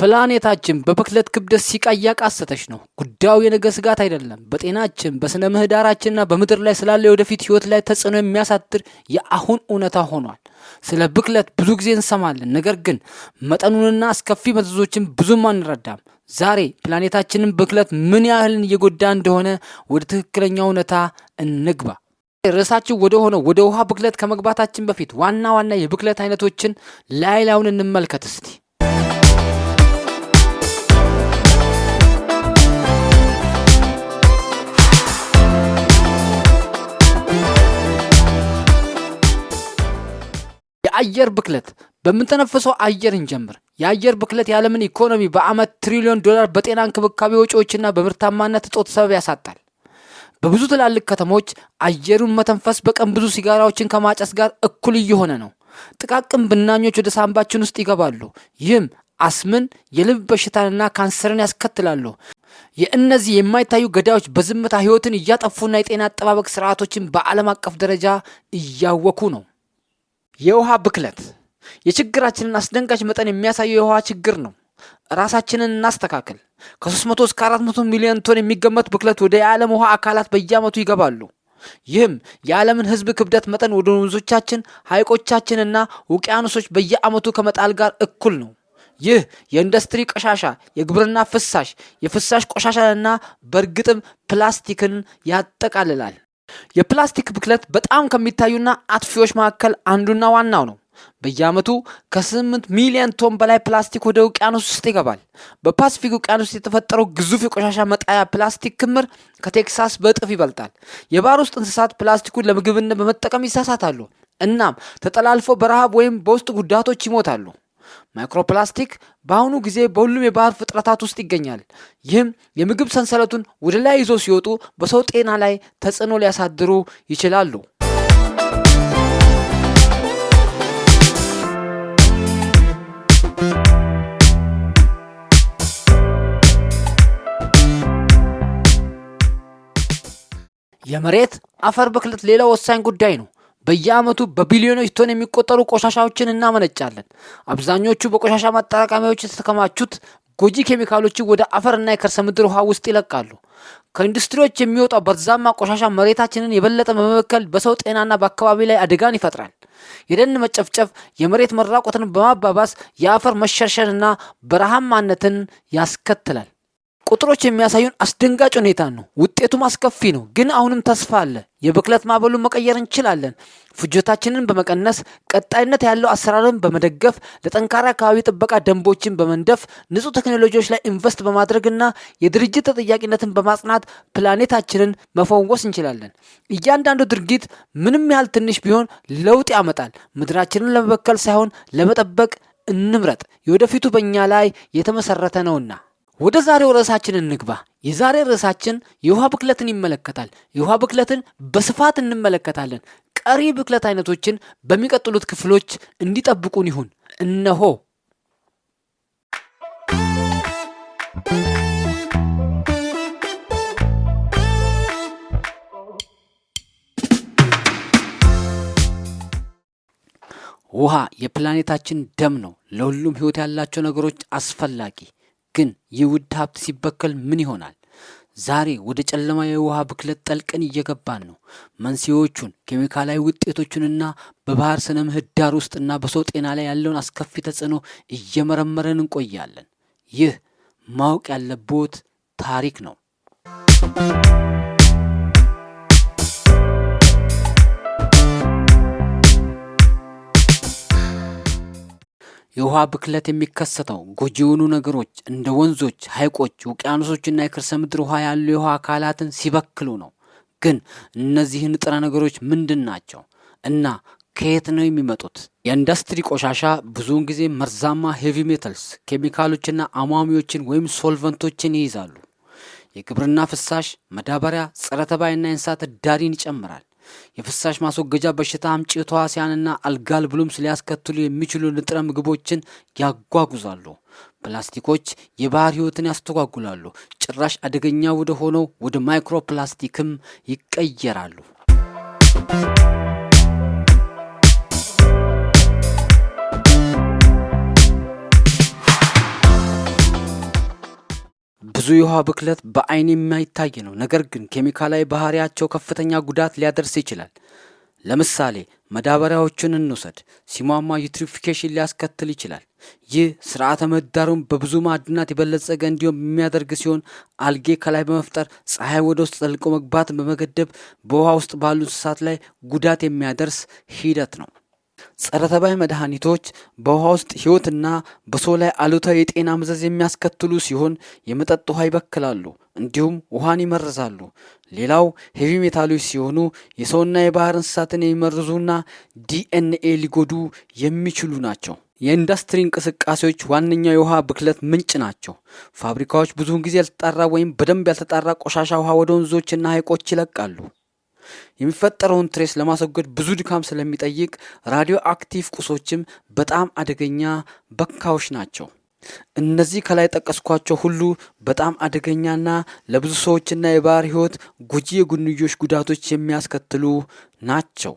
ፕላኔታችን በብክለት ክብደት ሲቃ እያቃሰተች ነው። ጉዳዩ የነገ ስጋት አይደለም። በጤናችን በሥነ ምህዳራችንና በምድር ላይ ስላለ የወደፊት ህይወት ላይ ተጽዕኖ የሚያሳድር የአሁን እውነታ ሆኗል። ስለ ብክለት ብዙ ጊዜ እንሰማለን፣ ነገር ግን መጠኑንና አስከፊ መዘዞችን ብዙም አንረዳም። ዛሬ ፕላኔታችንን ብክለት ምን ያህልን እየጎዳ እንደሆነ ወደ ትክክለኛ እውነታ እንግባ። ርዕሳችን ወደ ሆነው ወደ ውሃ ብክለት ከመግባታችን በፊት ዋና ዋና የብክለት አይነቶችን ላይ ላዩን እንመልከት እስቲ። የአየር ብክለት በምንተነፍሰው አየር እንጀምር። የአየር ብክለት የዓለምን ኢኮኖሚ በዓመት ትሪሊዮን ዶላር በጤና እንክብካቤ ወጪዎችና በምርታማነት እጦት ሰበብ ያሳጣል። በብዙ ትላልቅ ከተሞች አየሩን መተንፈስ በቀን ብዙ ሲጋራዎችን ከማጨስ ጋር እኩል እየሆነ ነው። ጥቃቅን ብናኞች ወደ ሳንባችን ውስጥ ይገባሉ። ይህም አስምን፣ የልብ በሽታንና ካንሰርን ያስከትላሉ። የእነዚህ የማይታዩ ገዳዮች በዝምታ ህይወትን እያጠፉና የጤና አጠባበቅ ስርዓቶችን በዓለም አቀፍ ደረጃ እያወኩ ነው። የውሃ ብክለት የችግራችንን አስደንጋጭ መጠን የሚያሳየው የውሃ ችግር ነው። ራሳችንን እናስተካከል። ከ300 እስከ 400 ሚሊዮን ቶን የሚገመት ብክለት ወደ የዓለም ውሃ አካላት በየዓመቱ ይገባሉ። ይህም የዓለምን ሕዝብ ክብደት መጠን ወደ ወንዞቻችን፣ ሐይቆቻችንና ውቅያኖሶች በየዓመቱ ከመጣል ጋር እኩል ነው። ይህ የኢንዱስትሪ ቆሻሻ፣ የግብርና ፍሳሽ፣ የፍሳሽ ቆሻሻንና በእርግጥም ፕላስቲክን ያጠቃልላል። የፕላስቲክ ብክለት በጣም ከሚታዩና አጥፊዎች መካከል አንዱና ዋናው ነው። በየዓመቱ ከ8 ሚሊዮን ቶን በላይ ፕላስቲክ ወደ ውቅያኖስ ውስጥ ይገባል። በፓስፊክ ውቅያኖስ የተፈጠረው ግዙፍ የቆሻሻ መጣያ ፕላስቲክ ክምር ከቴክሳስ በእጥፍ ይበልጣል። የባህር ውስጥ እንስሳት ፕላስቲኩን ለምግብነት በመጠቀም ይሳሳታሉ፣ እናም ተጠላልፎ በረሃብ ወይም በውስጥ ጉዳቶች ይሞታሉ። ማይክሮፕላስቲክ በአሁኑ ጊዜ በሁሉም የባህር ፍጥረታት ውስጥ ይገኛል። ይህም የምግብ ሰንሰለቱን ወደ ላይ ይዞ ሲወጡ በሰው ጤና ላይ ተጽዕኖ ሊያሳድሩ ይችላሉ። የመሬት አፈር ብክለት ሌላው ወሳኝ ጉዳይ ነው። በየዓመቱ በቢሊዮኖች ቶን የሚቆጠሩ ቆሻሻዎችን እናመነጫለን። አብዛኞቹ በቆሻሻ ማጠራቀሚያዎች የተከማቹት ጎጂ ኬሚካሎችን ወደ አፈርና የከርሰ ምድር ውሃ ውስጥ ይለቃሉ። ከኢንዱስትሪዎች የሚወጣው በርዛማ ቆሻሻ መሬታችንን የበለጠ በመበከል በሰው ጤናና በአካባቢ ላይ አደጋን ይፈጥራል። የደን መጨፍጨፍ የመሬት መራቆትን በማባባስ የአፈር መሸርሸርና በረሃማነትን ያስከትላል። ቁጥሮች የሚያሳዩን አስደንጋጭ ሁኔታ ነው። ውጤቱም አስከፊ ነው፣ ግን አሁንም ተስፋ አለ። የብክለት ማዕበሉን መቀየር እንችላለን። ፍጆታችንን በመቀነስ ቀጣይነት ያለው አሰራርን በመደገፍ ለጠንካራ አካባቢ ጥበቃ ደንቦችን በመንደፍ ንጹህ ቴክኖሎጂዎች ላይ ኢንቨስት በማድረግና የድርጅት ተጠያቂነትን በማጽናት ፕላኔታችንን መፈወስ እንችላለን። እያንዳንዱ ድርጊት ምንም ያህል ትንሽ ቢሆን ለውጥ ያመጣል። ምድራችንን ለመበከል ሳይሆን ለመጠበቅ እንምረጥ። የወደፊቱ በእኛ ላይ የተመሰረተ ነውና። ወደ ዛሬው ርዕሳችን እንግባ። የዛሬ ርዕሳችን የውሃ ብክለትን ይመለከታል። የውሃ ብክለትን በስፋት እንመለከታለን። ቀሪ ብክለት አይነቶችን በሚቀጥሉት ክፍሎች እንዲጠብቁን ይሁን። እነሆ ውሃ የፕላኔታችን ደም ነው። ለሁሉም ሕይወት ያላቸው ነገሮች አስፈላጊ ግን ይህ ውድ ሀብት ሲበከል ምን ይሆናል? ዛሬ ወደ ጨለማ የውሃ ብክለት ጠልቀን እየገባን ነው። መንስኤዎቹን፣ ኬሚካላዊ ውጤቶቹንና በባህር ስነ ምህዳር ውስጥና በሰው ጤና ላይ ያለውን አስከፊ ተጽዕኖ እየመረመረን እንቆያለን። ይህ ማወቅ ያለብዎት ታሪክ ነው። የውሃ ብክለት የሚከሰተው ጎጂ የሆኑ ነገሮች እንደ ወንዞች፣ ሐይቆች፣ ውቅያኖሶችና የከርሰ ምድር ውሃ ያሉ የውሃ አካላትን ሲበክሉ ነው። ግን እነዚህ ንጥረ ነገሮች ምንድን ናቸው እና ከየት ነው የሚመጡት? የኢንዱስትሪ ቆሻሻ ብዙውን ጊዜ መርዛማ ሄቪ ሜታልስ ኬሚካሎችና አሟሚዎችን ወይም ሶልቨንቶችን ይይዛሉ። የግብርና ፍሳሽ፣ መዳበሪያ፣ ጸረ ተባይና የእንስሳት ዳሪን ይጨምራል። የፍሳሽ ማስወገጃ በሽታ አምጪ ተዋሲያንና አልጋል ብሉምስ ሊያስከትሉ የሚችሉ ንጥረ ምግቦችን ያጓጉዛሉ። ፕላስቲኮች የባህር ህይወትን ያስተጓጉላሉ። ጭራሽ አደገኛ ወደ ሆነው ወደ ማይክሮፕላስቲክም ይቀየራሉ። ብዙ የውሃ ብክለት በአይን የማይታይ ነው፣ ነገር ግን ኬሚካላዊ ባህሪያቸው ከፍተኛ ጉዳት ሊያደርስ ይችላል። ለምሳሌ መዳበሪያዎችን እንውሰድ። ሲሟሟ ዩትሪፊኬሽን ሊያስከትል ይችላል። ይህ ስርዓተ ምህዳሩን በብዙ ማዕድናት የበለጸገ እንዲሆን የሚያደርግ ሲሆን አልጌ ከላይ በመፍጠር ፀሐይ ወደ ውስጥ ጠልቆ መግባትን በመገደብ በውሃ ውስጥ ባሉ እንስሳት ላይ ጉዳት የሚያደርስ ሂደት ነው። ጸረ ተባይ መድኃኒቶች በውሃ ውስጥ ሕይወትና በሰው ላይ አሉታዊ የጤና መዘዝ የሚያስከትሉ ሲሆን የመጠጥ ውሃ ይበክላሉ፣ እንዲሁም ውሃን ይመርዛሉ። ሌላው ሄቪ ሜታሎች ሲሆኑ የሰውና የባህር እንስሳትን የሚመርዙና ዲኤንኤ ሊጎዱ የሚችሉ ናቸው። የኢንዱስትሪ እንቅስቃሴዎች ዋነኛው የውሃ ብክለት ምንጭ ናቸው። ፋብሪካዎች ብዙውን ጊዜ ያልተጣራ ወይም በደንብ ያልተጣራ ቆሻሻ ውሃ ወደ ወንዞችና ሐይቆች ይለቃሉ። የሚፈጠረውን ትሬስ ለማስወገድ ብዙ ድካም ስለሚጠይቅ ራዲዮ አክቲቭ ቁሶችም በጣም አደገኛ በካዎች ናቸው። እነዚህ ከላይ ጠቀስኳቸው ሁሉ በጣም አደገኛና ለብዙ ሰዎችና የባህር ህይወት ጎጂ የጎንዮሽ ጉዳቶች የሚያስከትሉ ናቸው።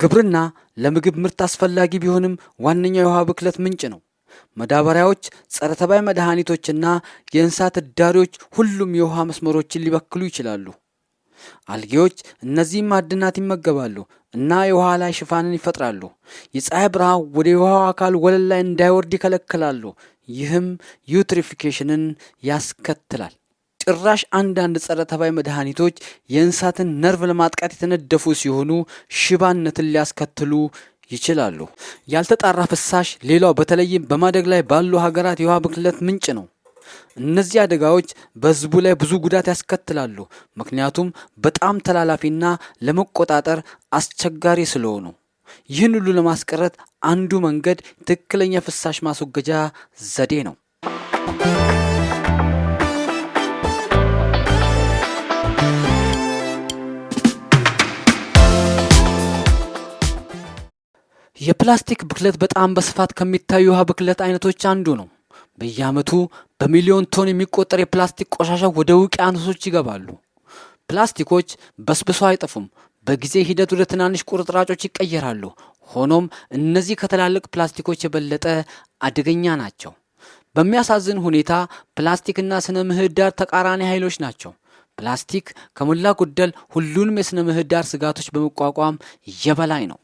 ግብርና ለምግብ ምርት አስፈላጊ ቢሆንም ዋነኛው የውሃ ብክለት ምንጭ ነው። መዳበሪያዎች፣ ጸረ ተባይ መድኃኒቶችና የእንስሳት እዳሪዎች ሁሉም የውሃ መስመሮችን ሊበክሉ ይችላሉ። አልጌዎች እነዚህም ማዕድናት ይመገባሉ እና የውሃ ላይ ሽፋንን ይፈጥራሉ። የፀሐይ ብርሃን ወደ የውሃው አካል ወለል ላይ እንዳይወርድ ይከለክላሉ። ይህም ዩትሪፊኬሽንን ያስከትላል። ጭራሽ አንዳንድ ጸረ ተባይ መድኃኒቶች የእንስሳትን ነርቭ ለማጥቃት የተነደፉ ሲሆኑ ሽባነትን ሊያስከትሉ ይችላሉ። ያልተጣራ ፍሳሽ ሌላው በተለይም በማደግ ላይ ባሉ ሀገራት የውሃ ብክለት ምንጭ ነው። እነዚህ አደጋዎች በህዝቡ ላይ ብዙ ጉዳት ያስከትላሉ፣ ምክንያቱም በጣም ተላላፊና ለመቆጣጠር አስቸጋሪ ስለሆኑ። ይህን ሁሉ ለማስቀረት አንዱ መንገድ ትክክለኛ ፍሳሽ ማስወገጃ ዘዴ ነው። የፕላስቲክ ብክለት በጣም በስፋት ከሚታዩ ውሃ ብክለት አይነቶች አንዱ ነው። በየአመቱ በሚሊዮን ቶን የሚቆጠር የፕላስቲክ ቆሻሻ ወደ ውቅያኖሶች ይገባሉ። ፕላስቲኮች በስብሶ አይጠፉም፣ በጊዜ ሂደት ወደ ትናንሽ ቁርጥራጮች ይቀየራሉ። ሆኖም እነዚህ ከትላልቅ ፕላስቲኮች የበለጠ አደገኛ ናቸው። በሚያሳዝን ሁኔታ ፕላስቲክና ስነ ምህዳር ተቃራኒ ኃይሎች ናቸው። ፕላስቲክ ከሞላ ጎደል ሁሉንም የስነ ምህዳር ስጋቶች በመቋቋም የበላይ ነው።